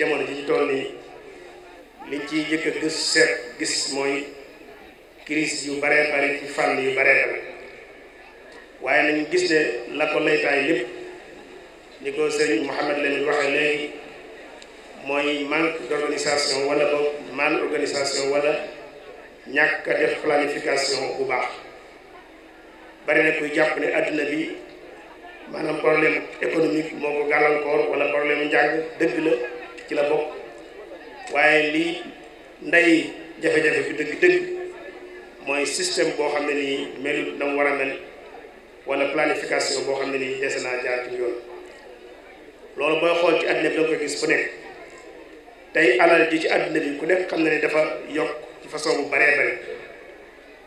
jamono ji ñu toll nii liñ ci njëkk a gis seet gis mooy crise yu baree bari ci fànn yu baree bari waaye nañ gis ne la ko laytaay lépp ni ko sëriñ Mouhamed Lamine waxee léegi mooy manque d'organisation wala boog mal organisation wala ñàkk a def planification bu baax bari na kuy jàpp ne àdduna bi maanaam problème économique moo ko gàllankoor wala problème njàng dëgg la ci la bokk waaye lii ndey jafe-jafe bi dëgg-dëgg mooy système boo xam ne nii melut na mu war a mel wala planification boo xam ne nii dese naa jaar ci yoon loolu booy xool ci àddina bi da gis fu nekk tey alal ji ci àddina bi ku nekk xam ne ni dafa yokk ci façon bu baree bare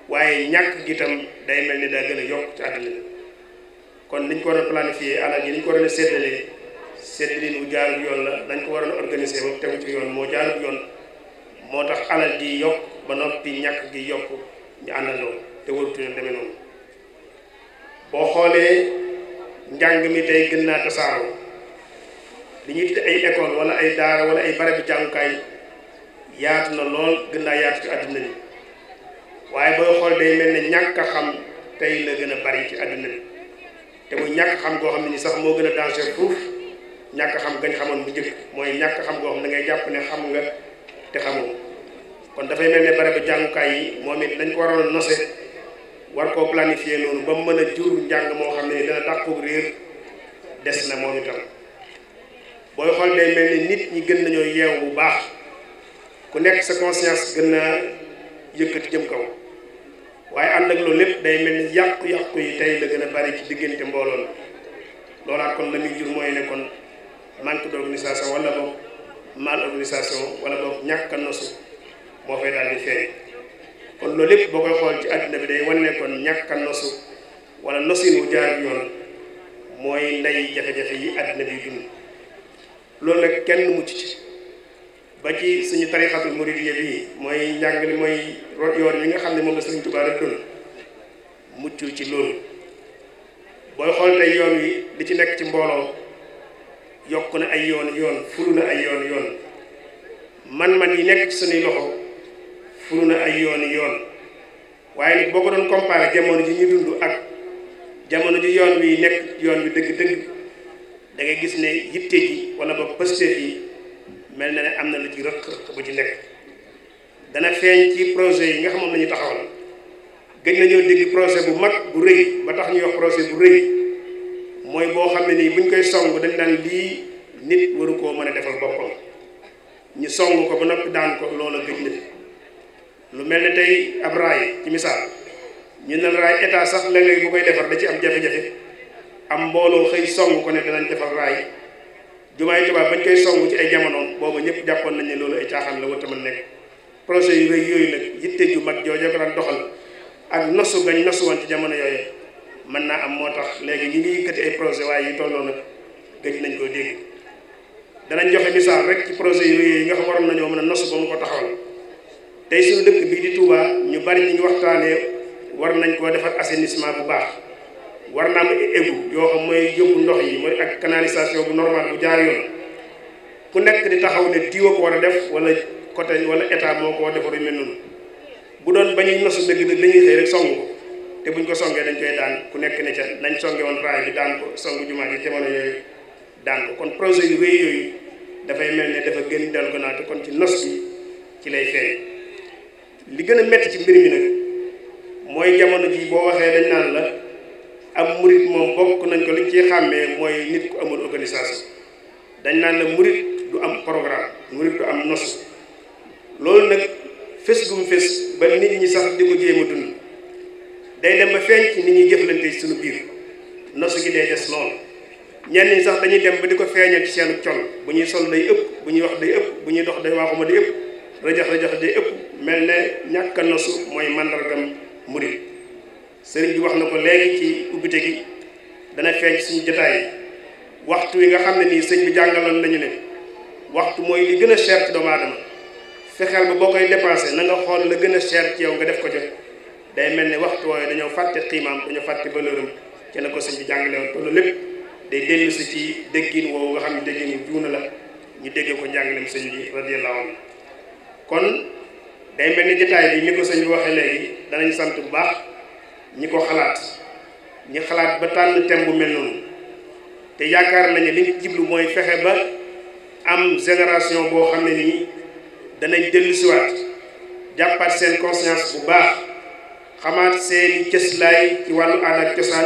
waaye ñàkk gi tam day mel ni daa gën yokk ci àddina bi kon niñ ko war a alal ji niñ ko war a seetalee seddalin wu jaarut yoon la dañ ko waroon organiser ba tegu ci yoon moo jaarut yoon moo tax alal gi yokk ba noppi ñàkk gi yokk ñu àndandoo te warutu na demee noonu boo xoolee njàng mi tey gën naa tasaaroo li ñu tuddee ay école wala ay daara wala ay barabi jàngukaay yaatu na lool gën naa yaatu ci àddina bi waaye booy xool day mel ne ñàkk xam tey la gën a bari ci àdduna bi te muy ñàkk xam goo xam ne ni sax moo gën a danger fuuf ñàkk xam gañ xamoon bu njëkk mooy ñàkk xam goo xam da ngay jàpp ne xam nga te xamoo kon dafay mel ne barabu jàngukaay yi moom it lañ ko waroon a nose war koo planifier noonu ba mu mën a jur njàng moo xam ne dana dàqu réer des na moom itam booy xool day mel ni nit ñi gën nañoo yeew bu baax ku nekk sa conscience gën naa yëkkati jëm kaw waaye ànd ak loolu lépp day mel ni yàqu-yàqu yi tey la gën a bari ci diggante mbooloo loolaat kon la muy jur mooy ne kon manque d'organisation wala boog mal organisation wala boog ñàkk a nosu moo fay daal di feeñ kon loolu lépp boo koy xool ci àddina bi day wane kon ñàkk nosu wala nosin wu jaar yoon mooy ndey jafe-jafe yi bi loolu nag kenn mucc ci ci suñu tarixatul muridiyya bi mooy njàngale mooy root yoon yi nga xam ne moom la Sëriñ Tuubaa rëddoon mucc ci loolu booy xool na yoon yi li ci nekk ci mbooloo yokk na ay yoon yoon fulu na ay yoon yoon man-man yi nekk ci suñuy loxo fulu na ay yoon yoon waaye nag boo ko doon comparé jamono ji ñu dund ak jamono ji yoon wi nekk yoon wi dëgg-dëgg da ngay gis ne yitte ji wala ba pësteef yi mel na ne am na la ji rëq rëq bu ci nekk dana feeñ ci projet yi nga xam moom la ñu taxawal gëj nañoo dégg projet bu mag bu rëy ba tax ñu wax projet bu rëy mooy boo xam ne nii buñ koy songu dañ daan lii nit waru koo mën a defal boppam ñu song ko ba noppi daan ko loola gëj lu mel ne tey ab raay ci ñu ne raay état sax léeg-léeg koy defar da ci am jafe am mbooloo xëy song ko ne danañ defar raay jumaay tubaab bañ koy song ci ay jamonoom booba ñëpp jàppoon nañ ne loolu ay caaxaan la wata mën nekk projet yu yooyu nag yitte ju mag jooju ko daan ak nosu gañ nosu woon ci jamono yooyu mën naa am moo tax léegi ñi ngi yëkkati ay projet waaye yi tolloo nag gëj nañ koo dégg danañ joxe misaal rek ci projet yooyu yi nga xam waroon nañoo mën a nos ba mu ko taxawal tey suñu dëkk bi di Touba ñu bari ñu waxtaanee war nañ koo defar assainissement bu baax war naa am égout yoo xam mooy yóbbu ndox yi mooy ak canalisation bu normal bu jaar yoon ku nekk di taxaw ne diwa ko war a def wala côté wala état moo ko war a mel noonu bu doon bañ a nosu dëgg dañuy xëy rek songu ko. te buñ ko songee dañ koy daan ku nekk ni ca nañ songe woon raay bi daan ko songu jumaa ji jamono yooyu kon projet yu rëy dafay mel ne dafa gën dal ko naate kon ci nos bi ci lay feeñ li gën a métti ci mbir mi nag mooy jamono ji boo waxee dañ naan la am murit moom bokk nañ ko li ciy xàmmee mooy nit ku amul organisation dañ naan la murit du am programme murit du am nos loolu nag fes gum fes ba nit ñi sax di ko jéem a dund day dem ba feeñ ci nit ñuy jëflante léegi suñu biir nosu gi day des lool ñenn ñi sax dañuy dem ba di ko feeñal ci seen col bu ñuy sol day ëpp bu ñuy wax day ëpp bu ñuy dox day waaxuma di ëpp rajax rajax day ëpp mel ne ñàkk a nosu mooy màndargam murit sëriñ bi wax na ko léegi ci ubbite gi dana feeñ suñu jotaay waxtu wi nga xam ne nii sëñ bi jàngaloon nañu ne waxtu mooy li gën a cher ci doomu aadama fexeel ba boo koy dépensé na nga xool la gën a cher ci yow nga def ko joxe day mel ni waxtu wooyu dañoo fàtte xiimaam dañoo fàtte valeuram ci la ko sëñ bi jàngale woon lépp day dellu ci déggin woowu nga xam ne dégginu juuna la ñu déggee ko njàngaleem sëñ bi radiyallahu anhu kon day mel ni jotaay bi ni ko sëñ bi waxee léegi danañ sant bu baax ñi ko xalaat ñi xalaat ba tànn tem bu mel noonu te yaakaar nañu li ñu jiblu mooy fexe ba am génération boo xam ne nii danañ dellu siwaat jàppat seen conscience bu baax xamaat seen cëslaay ci wàllu aada ak cosaan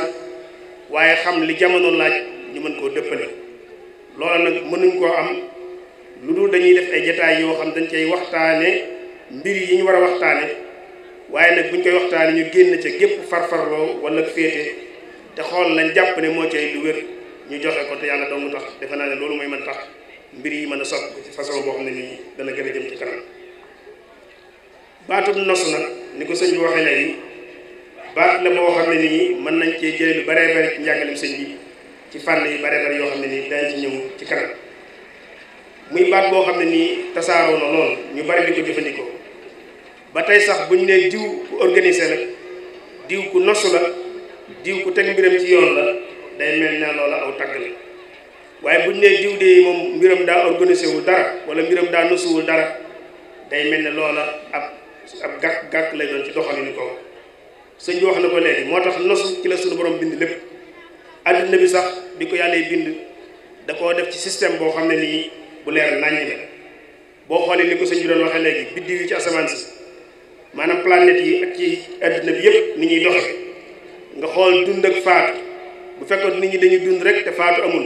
waaye xam li jamono laaj ñu mën koo dëppale loola nag mënuñ koo am lu dul dañuy def ay jataay yoo xam dañ cay waxtaane mbir yi ñu war a waxtaane waaye nag buñ koy waxtaane ñu génn ca gépp farfarloo wala féete te xool lañ jàpp ne moo cay lu wér ñu joxe ko te yàlla dong tax defe naa ne loolu mooy mën tax mbir yi mën a soppi ci façon boo xam ne nii dana gën a jëm ci kanam baatum nosu na ni ko sëñ bi waxee léegi baat la moo xam ne nii mën nañ cee jël lu baree ci njàngalem sëñ bi ci fànn yi baree bari yoo xam ne nii daañu ci ñëw ci kanam muy baat boo xam ne nii tasaaroo na lool ñu bari di ko jëfandikoo ba tey sax buñ ñu nee diw ku organisé la diw ku nosu la diw ku teg mbiram ci yoon la day mel ne loola aw tàgg la waaye bu ñu nee diw de moom mbiram daa organisé wul dara wala mbiram daa nosuwul dara day mel ne loola ab ab gàkk-gàkk lay doon ci doxalinu kaw sëñ bi wax na ko léegi moo tax nos ci la suñu borom bind lépp adduna bi sax bi ko yàlla bind dafoo def ci système boo xam ne nii bu leer naññ la boo xoolee ni ko sëñ bi doon waxee léegi biddiw yi ci asamaan si maanaam planète yi ak ci bi yëpp ni ñuy doxe nga xool dund ak faatu bu fekkoon nit ñi dañuy dund rek te faatu amul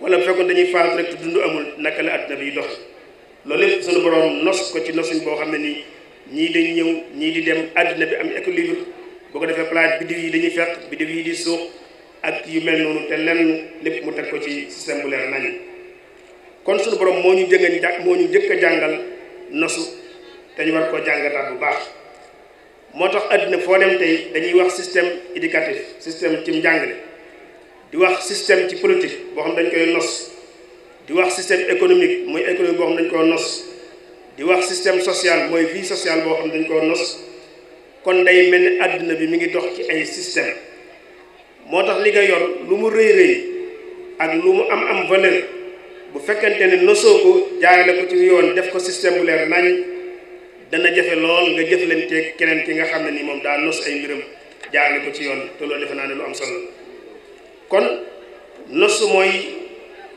wala bu fekkoon dañuy faatu rek te dund amul naka la adduna bi doxe loolu lépp suñu borom nos ko ci nosuñ boo xam ne nii ñii dañ ñëw ñii di dem àdduna bi am équilibre boo ko defee plage biddiw yi dañuy fekk biddiw yi di suux ak yu mel noonu te lenn lépp mu teg ko ci système bu leer kon suñu borom moo ñu jëngañ jàng moo ñu jëkk a jàngal nosu te ñu war koo jàngataat bu baax moo tax àdduna foo dem tey dañuy wax système éducatif système ci njàngale di wax système ci politique boo xam dañ koy nos di wax système économique mooy économie boo xam dañ koy nos di wax système social mooy vie sociale boo xam dañ koo nos kon day mel ni àddina bi mi ngi dox ci ay système moo tax li nga yor lu mu rëy rëy ak lu mu am am valeur bu fekkente ne nosoo ko jaarale ko ci yoon def ko système bu leer nañ dana jafe lool nga jëflanteeg keneen ki nga xam ne nii moom daa nos ay mbiram jaarale ko ci yoon te loo defe naa ne lu am solo kon nos mooy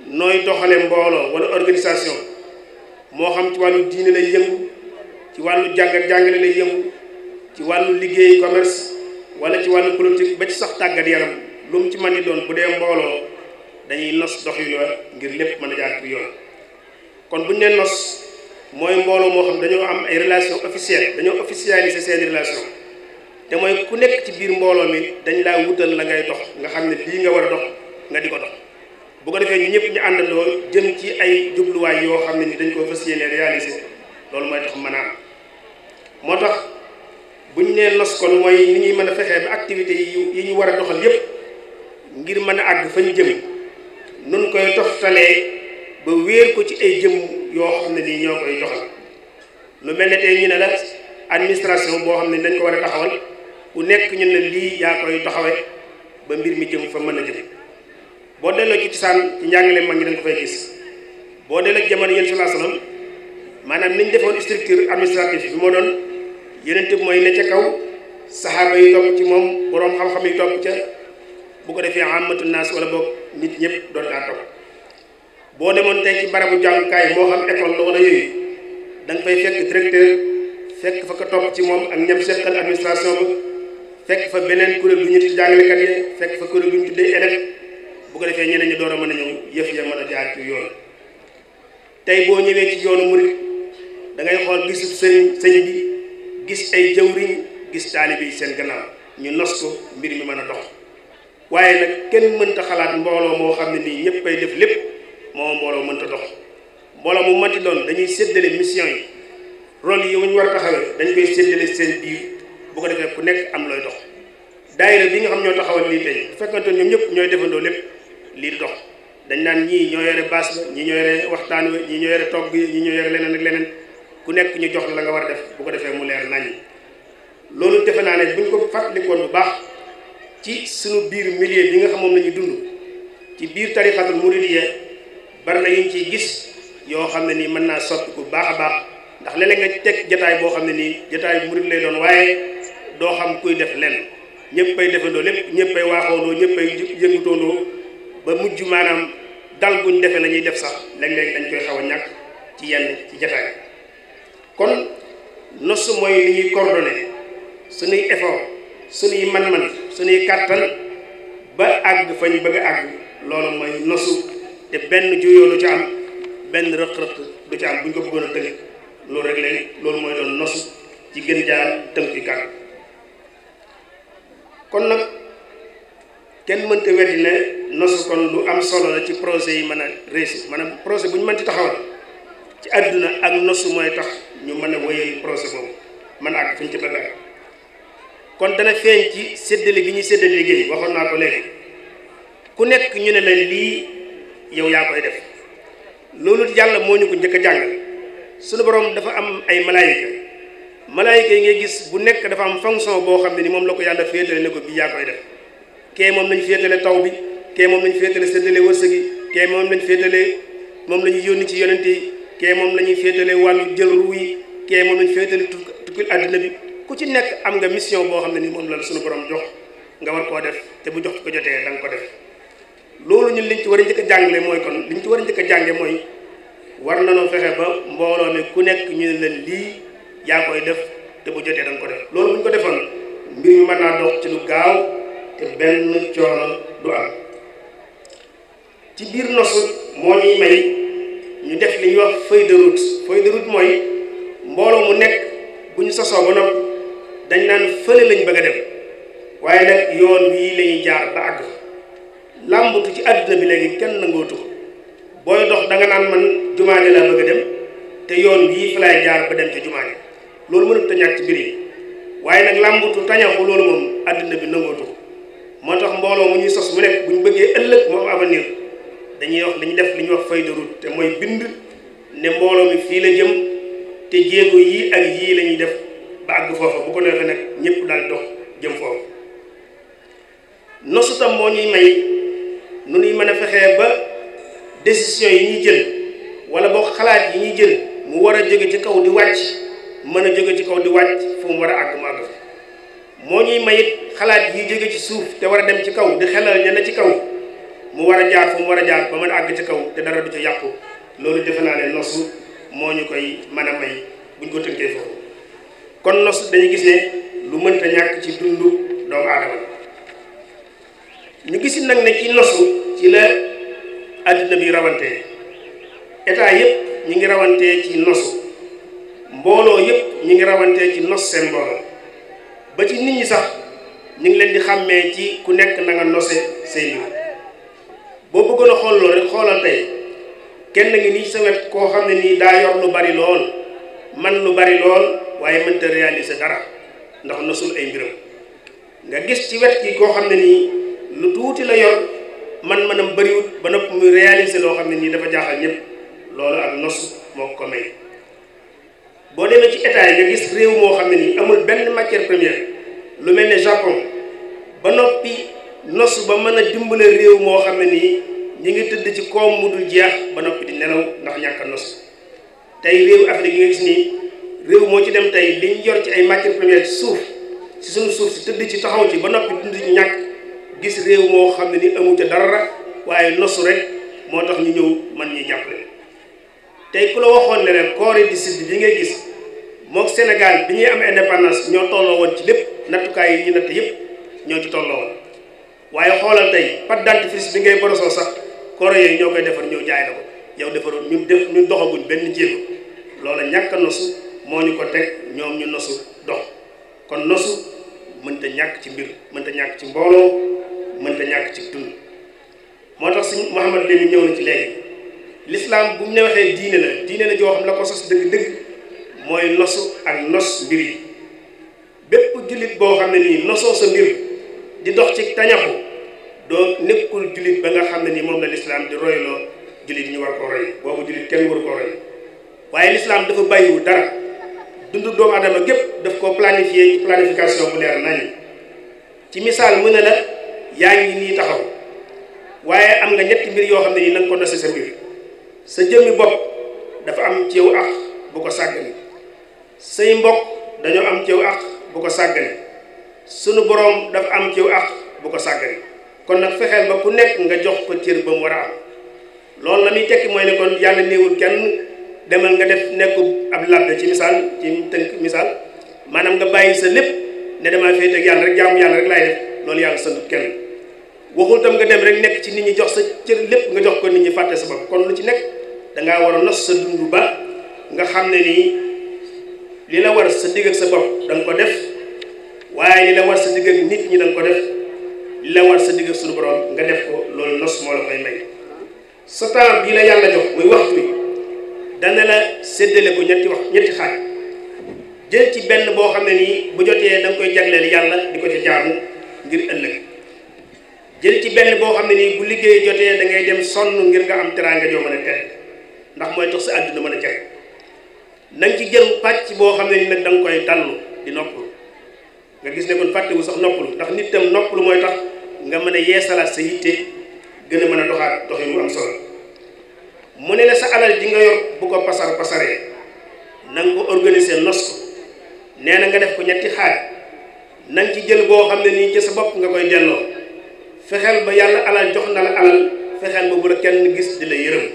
nooy doxale mbooloo wala organisation moo xam ci wàllu diine lay yëngu ci wàllu jàng ak jàngale lay yëngu ci wàllu liggéey commerce wala ci wàllu politique ba ci sax tàggat yaram lu mu ci man di doon bu dee mbooloo dañuy nos dox yu ngir lépp mën a jaar ci yoon kon bu ñu nee nos mooy mbooloo moo xam dañoo am ay relation officielle dañoo officialiser seen relation te mooy ku nekk ci biir mbooloo mi dañ laa wutal la ngay dox nga xam ne lii nga war a dox nga di ko dox bu ko defee ñu ñëpp ñu àndandoo jëm ci ay jubluwaay yoo xam ne ni dañ koo fas yéene réaliser loolu mooy tax mën a moo tax bu ñu nee nos kon mooy ni ñuy mën a fexee ba activité yi ñu war a doxal yépp ngir mën a àgg fa ñu jëm nun koy toftalee ba wéer ko ci ay jëm yoo xam ne nii ñoo koy doxal lu mel ne tey ñu ne la administration boo xam ne dañ ko war a taxawal ku nekk ñu ne lii yaa koy taxawee ba mbir mi jëm fa mën a jëm boo delloo ci cosaan ci njàngale mag ñi ko fay gis boo delloo jamono yéen sallallahu alayhi wasallam maanaam ni ñu defoon structure administrative bi moo doon yeneen tëb mooy ne ca kaw saxaaba yi topp ci moom boroom xam-xam ca bu ko defee amatu naas wala boog nit ñëpp doon kaa boo demoon tey ci barabu jàngukaay moo xam école la wala yooyu da nga fay fekk directeur fekk fa ko topp ci moom ak ñam set administration ba fekk fa beneen kuréel bu ñu tuddee jàngalekat yi fekk fa kuréel bu ñu tuddee élèves bu ko defee ñeneen ñi door a mën a ñëw yëf ya mën a jaar ci yoon tey boo ñëwee ci yoonu murit da ngay xool gisub sëriñ sëñ bi gis ay jëwriñ gis taalibe yi seen gannaaw ñu nos ko mbir ñu mën a dox waaye nag kenn mënta xalaat mbooloo moo xam ne nii ñëpp ay def lépp moo mbooloo mënta dox mbooloo mu manti doon dañuy séddale mission yi rôle yi ñu war a taxawee dañ koy séddale seen biir bu ko defee ku nekk am looy dox daayira bi nga xam ñoo taxawal lii tey bu fekkante ñoom ñëpp ñooy defandoo lépp lii di dox dañ naan ñii ñoo yore baas ba ñii ñoo yore waxtaan wi ñii ñoo yore togg yi ñii ñoo yore leneen ak leneen ku nekk ñu jox la la nga war a def bu ko defee mu leer nañ loolu defe naa ne buñ ko fàttalikoon bu baax ci suñu biir milieu bi nga xam moom la ñu dund ci biir tarixatul muridiyya bari na yuñ ciy gis yoo xam ne nii mën naa soppi bu baax a baax ndax leneen nga teg jataay boo xam ne nii jataay murid lay doon waaye doo xam kuy def lenn ñëppay defandoo lépp ñëppay waaxoondoo ñëppay yëngutoondoo ba mujj maanaam dal guñ defe la def sax léeg-léeg dañ koy xaw a ñàkk ci yenn ci jataay kon nos mooy li ñuy coordonné suñuy effort suñuy man-man suñuy kàttan ba àgg ñu bëgg a àgg loolu mooy nosu te benn juyoo lu ci am benn rëq-rëq du ci bu ñu ko bëggoon a loolu rek léegi loolu mooy doon nosu ci gën jaar tënk ci kàddu kon nag kenn mënta weddi ne nosos kon lu am solo la ci projet yi mën a réussir maanaam projet bu ñu mën ci taxawal ci àdduna ak nosu mooy tax ñu mën a wéyal projet boobu mën a àgg fi ñu ci kon dana feeñ ci séddale gi ñuy séddale liggéey waxoon naa ko ku nekk ñu ne la lii yow yaa koy def loolu yàlla moo ñu ko njëkk a jàngal suñu borom dafa am ay malaayika malaayika yi ngay gis bu nekk dafa am fonction boo xam ne ni moom la ko yàlla féetale ne ko bii yaa koy def kee moom nañu lañu féetale taw bi. kee moom lañ féetale séddale wërsëg yi kee moom lañ féetale moom la ñu yónni ci yonente yi kee moom la ñuy féetale wàllu jël ruu yi kee moom la ñu féetale tukki àddina bi ku ci nekk am nga mission boo xam ne ni moom la suñu borom jox nga war koo def te bu jox ko jotee da ko def loolu ñun liñ ci war a a jàngale mooy kon liñ ci war a njëkk jànge mooy war nañoo fexe ba mbooloo mi ku nekk ñu ne la lii yaa koy def te bu jotee da ko def loolu bu ñu ko defoon mbir ñu mën naa dox ci lu gaaw te benn coono du am ci biir nosu moo ñuy may ñu def li ñuy wax feuille de route mooy mbooloo mu nekk bu ñu sosoo ba nopp dañ naan fële lañ bëgg a dem waaye nag yoon wii la ñuy jaar ba àgg làmbatu ci àdduna bi léegi kenn nangootu booy dox da nga naan man jumaa ji laa bëgg a dem te yoon yii fa laay jaar ba dem ci jumaa loolu mënut a ñàkk ci mbir tañaxu loolu moom àdduna bi nangootu moo tax mbooloo mu ñuy sos mu nekk bu ñu bëggee ëllëg moo am avenir dañuy wax dañuy def li ñu wax fay de te mooy bind ne mbooloo mi fii la jëm te jéego yii ak yii lañuy def ba àgg foofa bu ko neexee nag ñëpp daal dox jëm foofu nosu tam moo ñuy may nu ñuy mën a fexee ba décision yi ñuy jël wala boo xalaat yi ñuy jël mu war a jóge ci kaw di wàcc mën a jóge ci kaw di wàcc fu mu war a àgg mu àgg fa moo ñuy mayit xalaat yi jóge ci suuf te war a dem ci kaw di xelal ña ci kaw mu war a jaar fu mu war a jaar ba mën a àgg ci kaw te dara du ca yàqu loolu defe naa ne nosu moo ñu koy mën a may buñ ko tënkee foofu kon nos dañu gis ne lu mënta ñàkk ci dund doomu aadama ñu gis nag ne ci nosu ci la àddina bi rawantee état yëpp ñi ngi rawantee ci nosu mbooloo yëpp ñi ngi rawantee ci nos seen mbooloo ba ci nit ñi sax ñu ngi leen di xàmmee ci ku nekk na nga nose say mbir boo bëggoon a xool loolu rek xoolal tey kenn ngi nii sa wet koo xam ne nii daa yor lu bari lool man lu bari lool waaye mënta réaliser dara ndax nasul ay mbiram nga gis ci wet gi koo xam ne nii lu tuuti la yor man manam bëriwut ba nopp muy réaliser loo xam ne nii dafa jaaxal ñëpp loolu ak nos moo ko may boo demee ci état yi nga gis réew moo xam ne nii amul benn matière première lu mel ne Japon ba noppi nos ba mën a dimbale réew moo xam ne nii ñi ngi tëdd ci koom mu dul jeex ba noppi di nelaw ndax ñàkk nos tey réew Afrique yi nga gis nii réew moo ci dem tey liñ yor ci ay matières ci suuf si suuf si tëdd ci taxaw ci ba noppi dund ci ñàkk gis réew moo xam ne ni amu ca dara waaye nosu rek moo tax ñu ñëw man ñuy jàppale tey ku la waxoon ne leen Corée du Sud bi ngay gis mook Sénégal bi ñuy am indépendance ñoo tolloo woon ci lépp nattukaay yi ñu natt yëpp ñoo ci tolloo woon waaye xoolal tey pâte dentifrice bi ngay borosoo sax koro yooyu ñoo koy defar ñëw jaay la ko yow defaroon ñun def ñu doxaguñ benn jéego loola ñàkk a moo ñu ko teg ñoom ñu nosu dox kon nosu mënta ñàkk ci mbir mënta ñàkk ci mbooloo mënta ñàkk ci dund moo tax suñ Mouhamad li ñëw na ci léegi l'islam bu mu ne waxee diine la diine la xam la ko sos dëgg-dëgg mooy nosu ak nos mbir yi bépp jullit boo xam ne nii nosoo sa mbir di dox ci tañaxu doo nekkul jullit ba nga xam ne ni moom la lislaam di royloo jullit ñu war ko roy boobu jullit kenn waru ko roy waaye lislaam dafa bàyyiwu dara dundu doomu adama gépp daf ko planifié ci planification bu leer nañ ci misaal mu ne la yaa ngi nii taxaw waaye am nga ñetti mbir yoo xam ne nii na nga ko nose sa mbir sa jëmmi bopp dafa am ci yow ak bu ko sàggane say mbokk dañoo am ci yow ak bu ko sàggane sunu boroom dafa am ciw àq bu ko sàggari kon nag fexeel ma ku nekk nga jox ko cër ba mu war a am loolu na muy tekki mooy ne yàlla néewul kenn demal nga def nekku ab labbe ci misaal ci tënk misaal maanaam nga bàyyi sa lépp ne damaa féete ak yàlla rek jaamu yàlla rek laay def loolu yàlla sant kenn waxul tam nga dem rek nekk ci nit ñi jox sa cër lépp nga jox ko nit ñi fàtte sa bopp kon lu ci nekk dangaa war a nos sa dund ba nga xam ne nii li la war sa digg sa bopp danga ko def waaye li la war sa diggal nit ñi ko def li sa diggal suñu borom nga def ko loolu nos moo la koy may sa temps bii la yàlla jox muy wax wi la séddale ko ñetti wax ñetti xaaj jël ci benn boo xam ne nii bu jotee da koy jagleel yàlla di ko ci jaamu ngir ëllëg jël ci benn boo xam ne nii bu liggéey jotee da ngay dem sonn ngir nga am teraanga joo mën a teg ndax mooy tax sa àddina mën a teg na ci jël pàcc boo xam ne nii nag da koy dallu di noppalu. nga gis ne kon fàttewu sax noppalu ndax nit tam noppalu mooy tax nga mën a salaat sa yitte gën a mën a doxaat doxin bu am solo mu ne la sa alal ji nga yor bu ko pasar pasaree na nga ko organiser nos nee na nga def ko ñetti xaaj na ci jël boo xam ne nii ci sa bopp nga koy delloo fexeel ba yàlla alal jox na la alal fexeel ba bu la kenn gis di la yërëm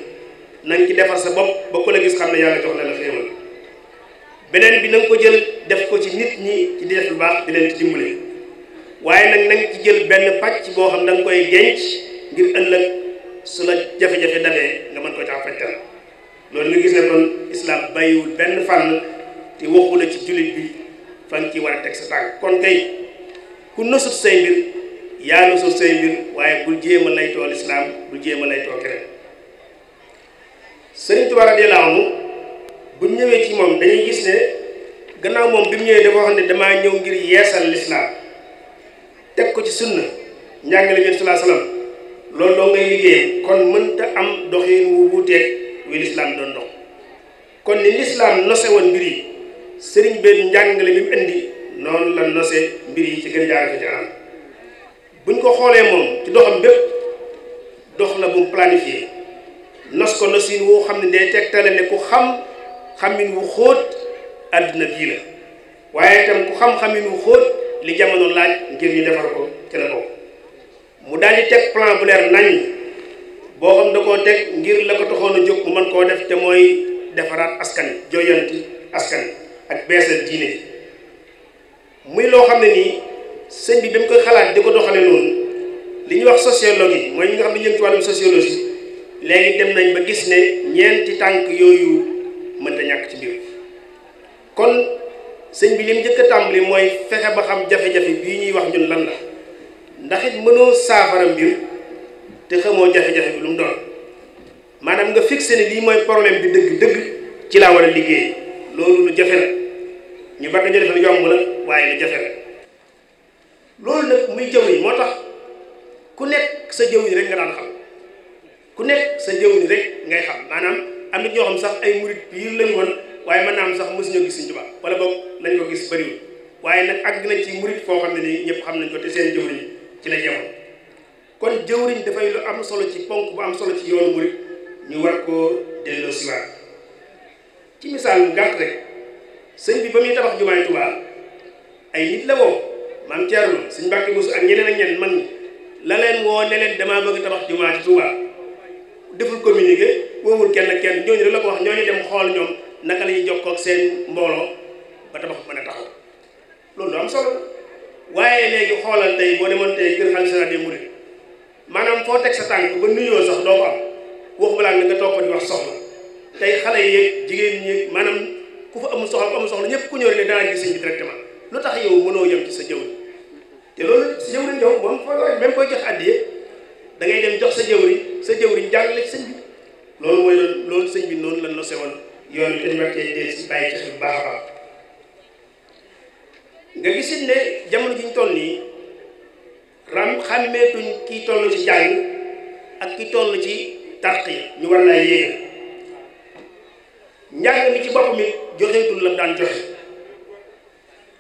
na ci defar sa bopp ba ku la gis xam ne yàlla jox na la xéewal beneen bi na ko jël def ko ci nit ñi ci di def lu baax di ci dimbale waaye nag na ci jël benn pàcc boo xam da nga koy denc ngir ëllëg su la jafe-jafe dabee nga mën ko caa fajtal loolu nga gis ne kon bàyyiwul benn fànn te waxu la ci jullit bi fa nga ciy war a teg sa tànk kon kay ku nësut say mbir yaa nësut say mbir waaye bul jéem a laytoo lislaam bul jéem a laytoo keneen Sëriñ Tuubaa radiyallaahu anhu bu ñu ñëwee ci moom dañuy gis ne gannaaw moom bi mu ñëwee dafa wax ne damaa ñëw ngir yeesal lislaam teg ko ci sunna njàngale bi salaa salaam loolu ngay liggéey kon mënta am doxin wu wuuteeg wi lislaam doon dox kon ni lislaam nose woon mbir yi sëriñ benn njàngale bi mu indi noonu la nose mbir yi ci gën jaarale ci anam buñ ko xoolee moom ci doxam bépp dox la bu planifié nos ko nosin woo xam ne day tegtale ne ku xam xamin wu xóot àdduna bii la waaye itam ku xam xamin wu xóot li jamono laaj ngir ñu defar ko ci la mu daal di teg plan bu leer nañ boo xam da ko teg ngir la ko taxoon a jóg mu koo def te mooy defaraat askan joyanti askan ak beesal diine muy loo xam ne nii sëñ bi dam mu koy xalaat di ko doxale noonu li ñuy wax sociologie mooy ñi nga xam ne ñoom ci wàllum sociologie léegi dem nañ ba gis ne ñeenti tànk yooyu mën ta ñàkk ci mbir kon sëñ bi lim njëkk a tàmbali mooy fexe ba xam jafe-jafe bii ñuy wax ñun lan la ndaxit it mënoo saafara mbir te xamoo jafe-jafe bi lu mu doon maanaam nga fixé ne lii mooy problème bi dëgg-dëgg ci laa war a liggéey loolu lu jafe la ñu bari dañu def yomb waaye jafe loolu nag muy jëw yi moo tax ku nekk sa jëw yi rek nga daan xam ku nekk sa jëw yi rek ngay xam maanaam am na ñoo xam sax ay murit piir lañ woon waaye mën naa am sax mësuñoo gis Sëñ Tuubaa wala boog lañ ko gis bëriwul waaye nag àgg nañ ci murit foo xam ne nii ñëpp xam nañ ko te seen jëwriñ ci la yemoon kon jëwriñ dafay lu am solo ci ponk bu am solo ci yoonu murit ñu war koo delloo ci misaal bu rek sëñ bi ba muy tabax jumaay Tuubaa ay nit la woo maam Thierno sëñ Mbàkke Buso ak ñeneen ak ñeneen man la leen woo ne leen damaa bëgg tabax jumaa ci Tuubaa deful communiqué woowul kenn kenn ñooñu rek la ko wax ñooñu dem xool ñoom naka la ñuy jokkoo ak seen mbooloo ba tabax mën a taxaw loolu am solo waaye léegi xoolal tey boo demoon tey kër xalifa général des mourides maanaam foo teg sa tànk ba nuyoo sax doo ko am waxuma laa nga toog ko di wax soxla tey xale yeeg jigéen ñi maanaam ku fa amul soxla ku amul soxla ñëpp ku ñëw ne danaa gis sëñ bi directement lu tax yow mënoo yem ci sa jëwri te loolu si jëwri ñëw moom foo même koy jox addiye da ngay dem jox sa jëwri sa jëwri jàngale ci sëñ bi loolu mooy loolu sëñ bi noonu lan la sewoon yoon te ñu war cee dee bu baax a baax ne jamono ji ñu toll nii ram xàmmeetuñ kii toll ci jàng ak ki toll ci tarqi ñu war laa yéegal njàng mi ci bopp mi joxeetul lam daan joxe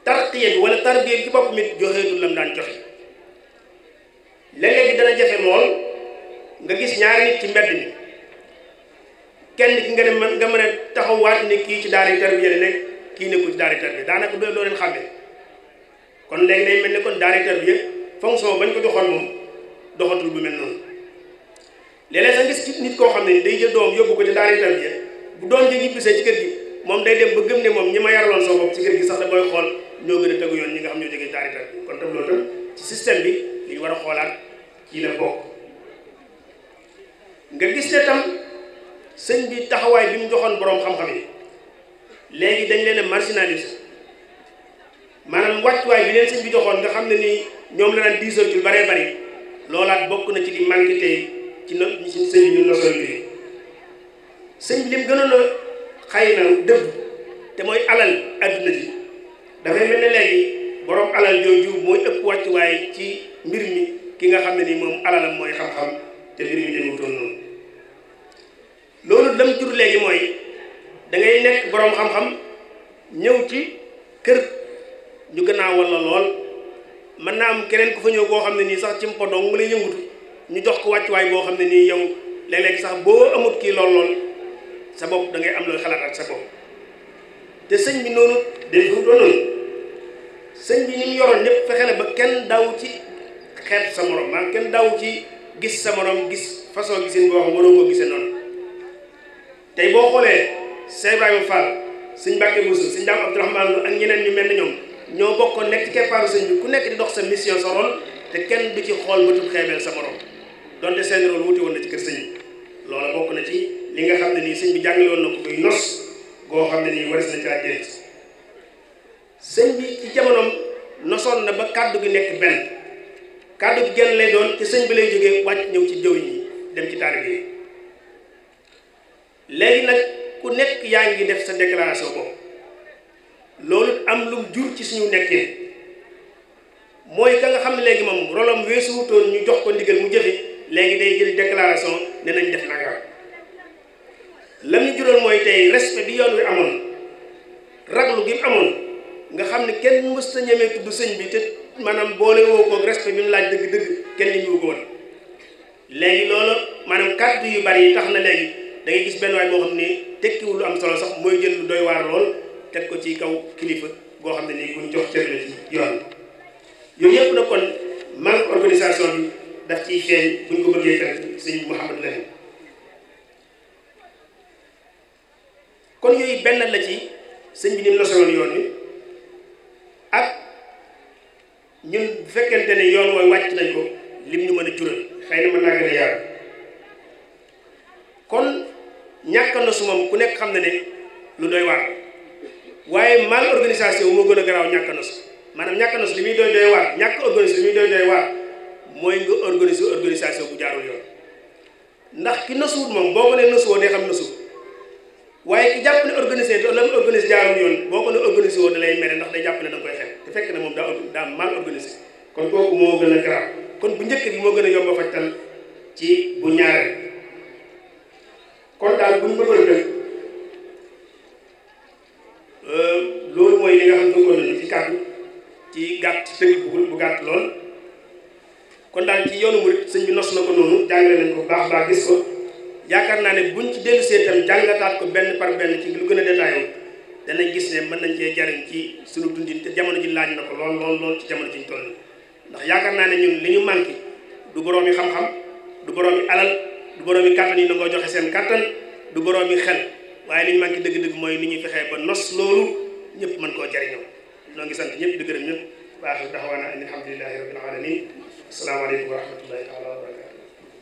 tarqiya bi wala tarbiya bi ci bopp mi joxeetul lam daan joxe léeg-léeg dana jafe lool nga gis ñaari nit ci mbedd mi kenn ki nga ne man nga mën a taxawaat ne kii ci daara tarbiya la nekk kii nekkul ci daara tarbiya daanaka doo doo leen xàmmee kon léegi day mel ne kon daara tarbiya fonction bañ ko joxoon moom doxatul bu mel noonu léeg-léeg sax gis nit koo xam ne day jël doom yóbbu ko ci daara tarbiya bu doom ji ñibbisee ci kër gi moom day dem ba gëm ne moom ñi ma yaraloon soo bopp ci kër gi sax da booy xool ñoo gën a tegu yoon ñi nga xam ñoo jógee daara tarbiya kon tam loolu tam ci système bi li war a xoolaat ci la bokk nga gis ne tam sëñ bi taxawaay bi mu joxoon boroom xam-xam yi léegi dañ leen a marginaliser maanaam wàccuwaay bi leen sëñ bi joxoon nga xam ne ni ñoom la daan diisal ci baree bari loolaat bokk na ci di manqué tey ci no ci sëñ bi ñu nosal bi sëñ bi lim gënoon a xay na dëf te mooy alal adduna ji dafay mel ne léegi borom alal jooju mooy ëpp wàccuwaay ci mbir mi ki nga xam ne nii moom alalam mooy xam-xam te mbir mi demewutoon noonu loolu lam jur léegi mooy da ngay nekk boroom xam-xam ñëw ci kër ñu gannaaw walla lool mën naa am keneen ku ko ñëw koo xam ne nii sax ci mpodong mu lay yëngutu ñu jox ko wàccuwaay boo xam ne nii yow léeg-léeg sax boo amut kii lool sa bopp da am looy xalaat ak sa bopp te sëñ bi noonu day du doon sëñ bi ñu yoroon ñëpp fexe na ba kenn daw ci xeet sa moroom maanaam kenn daw ci gis sa morom gis façon gisin boo xam waroo ko gisee noonu tey boo xoolee Cheikh Ibrahima Fall sëñ Mbàkke Moussa sëñ Daam Abdourahmane Lo ak ñeneen ñu mel ni ñoom ñoo bokkoon nekk ci keppaaru sëñ bi ku nekk di dox sa mission sa rôle te kenn du ci xool bëtum xeebeel sa morom donte seen rôle wuti woon na ci kër sëñ bi loola na ci li nga xam nii sëñ bi jàngale woon na ko kuy nos goo xam ne nii waris na caa jëlee sëñ bi ci jamonoom nosoon na ba kàddu gi nekk benn kàddu gi genn lay doon ci sëñ bi lay jógee wàcc ñëw ci jëw yi dem ci taalibe yi léegi nag ku nekk yaa ngi def sa déclaration bopp loolu am lum jur ci suñu nekkee mooy ka nga xam ne léegi moom rolam weesu tool ñu jox ko ndigal mu jëfe léegi day jël déclaration ne nañ def nangam la ñu juróon mooy tey respect bi yoon wi amoon raglu gi amoon nga xam ne kenn mës ta ñemee tudd sëñ bi te maanaam boole woo ko respect bi mu laaj dëgg-dëgg kenn ñu woon léegi loolu maanaam kàddu yu bari yi tax na léegi da gis benn waay boo xam ne tekkiwul lu am solo sax mooy jël lu doy waar lool teg ko ci kaw kilifa goo xam ne nii buñ jox cër la ci yoon yooyu yëpp na kon manque organisation bi daf ci feeñ buñ ko bëggee kat sëñ Mouhamad Lamine kon yooyu benn ci sëñ bi ni mu yoon wi ak ñun bu fekkente ne yoon mooy wàcc nañ ko lim ñu mën a jural xëy na mën naa gën a yaatu kon ñàkk na su moom ku nekk xam na ne lu doy waar waaye mal organisation moo gën a garaaw ñàkk nos maanaam ñàkk nos li muy doy doy waar ñàkk organise li muy doy doy waar mooy nga organise organisation bu jaar yoon ndax ki nosuwut moom boo ko ne nosuwoo day xam nosuwut waaye ki jàpp ne organisé te la mu organisé jaarul yoon boo ko ne organisé lay mere ndax day jàpp ne da nga koy xel te fekk na moom daa daa mal organisé kon kooku moo gën a garaaw kon bu njëkk bi moo gën a yomb a fajtal ci bu ñaareel kon daal bu ma bëggoon tënk euh, loolu mooy li nga xam ne ko nañu ci kàddu ci gàtt tënk bu bu gàtt lool kon daal ci yoonu murit sëñ bi nos na ko noonu jàngale nañ ko baax baax gis ko yaakaar naa ne buñ ci dellu see tam jàngataat ko benn par benn ci lu gën a détaillé danañ gis ne mën nañ cee jariñ ci suñu dundin te jamono ji laaj na ko lool lool ci jamono ji ñu toll ndax yaakaar naa ne ñun li ñu manqué du boroomi xam-xam du boroomi alal. du borom yi kàttan yi nangoo joxe seen kàttan du borom yi xel waaye li man manqué dëgg-dëgg mooy ni ñuy fexee ba nos loolu ñëpp mën koo jariñoo ñoo ngi sant ñëpp di gërëm ñëpp waaxir daxwaana an alhamdulilahi rabbil alamin asalaamaaleykum wa rahmatullahi taala